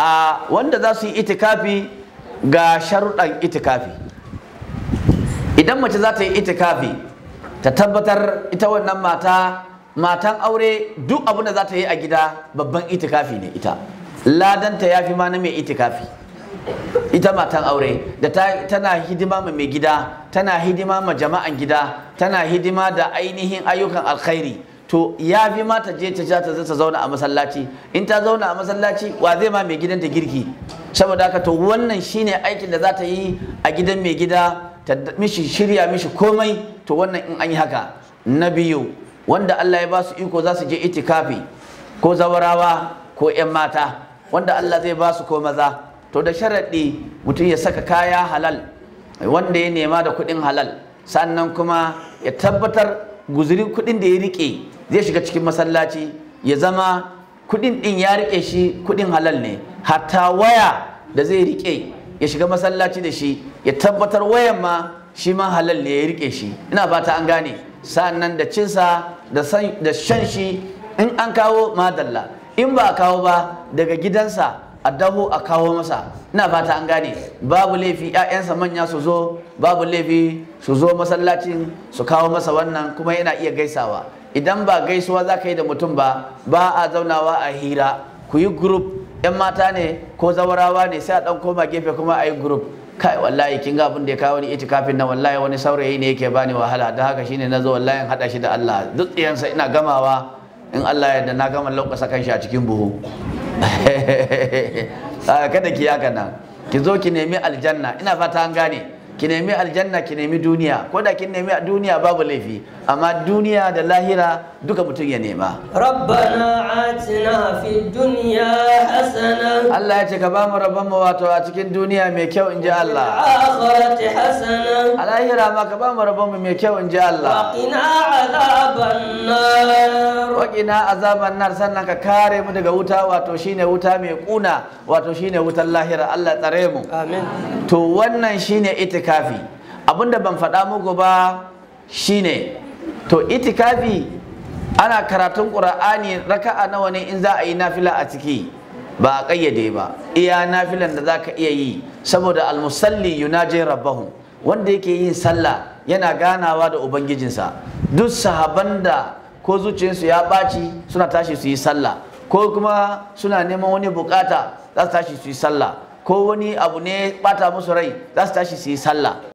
a wanda za su yi itikafi ga sharuɗan itikafi idan mace za ta yi itikafi ta tabbatar ita wannan mata matan aure duk abin da za ta yi a gida babban itikafi ne ita ladanta ya fi ma na mai itikafi ita matan aure da tana hidima ma mai gida tana hidima ma jama'an gida tana hidima da ainihin ayyukan alkhairi to ya fi ma je ta zai ta zauna a masallaci in ta zauna a masallaci wa zai ma mai gidanta girki saboda haka to wannan shine aikin da za ta yi a gidan mai gida ta mishi shirya mishi komai to wannan in an yi haka na biyu wanda Allah ya ba su iko za su je itikafi ko zawarawa ko 'yan mata wanda Allah zai ba su ko maza to da sharaɗi mutum ya saka kaya halal wanda ya nema da kuɗin halal sannan kuma ya tabbatar guzurin kuɗin da ya rike. zai shiga cikin masallaci ya zama kudin din ya rike shi kudin halal ne hatta waya da zai rike ya shiga masallaci da shi ya tabbatar wayan ma shi ma halal ne ya rike shi ina fata an gane sa'annan da cinsa da shan shi in an kawo madalla in ba a kawo ba daga gidansa a daho a kawo masa ina fata an gane babu laifi 'ya'yansa manya su zo babu laifi su zo masallacin su kawo masa wannan kuma yana iya gaisawa idan ba gaisuwa za ka yi da mutum ba ba a zaunawa a hira ku yi group yan mata ne ko zawarawa ne sai a dan koma gefe kuma a yi group kai wallahi kin ga abin da ya kawo ni itikafin nan wallahi wani saurayi ne yake bani wahala da haka shine zo wallahi haɗa shi da Allah duk tsiyansa ina gamawa in Allah ya yarda na gama sa kan shi a cikin buhu ah, kada ki yaka nan ki zo ki nemi aljanna ina fata an gane ki nemi aljanna ki nemi duniya ko da kin nemi duniya babu laifi amma duniya da lahira duka mutum ya nema rabbana Allah ya ce ka ba mu rabon mu wato a cikin duniya mai kyau in ji Allah a lahira ma ka ba mu rabon mu mai kyau in ji Allah waƙina azaban nar sannan ka kare mu daga wuta wato shine wuta mai kuna wato shine wutan lahira Allah tsare mu to wannan shine itikafi abinda ban faɗa muku ba shine to itikafi ana karatun ƙura'ani raka'a nawa ne in za a yi nafila a ciki ba a ƙayyade ba iya nafilan da za ka iya yi saboda almusalli yunaji rabbahum wanda yake yin sallah yana ganawa da ubangijinsa duk sahaban da ko zuciyarsu ya ɓaci suna tashi su yi sallah ko kuma suna neman wani bukata za su tashi su yi sallah ko wani abu ne ɓata musu rai za su tashi su yi sallah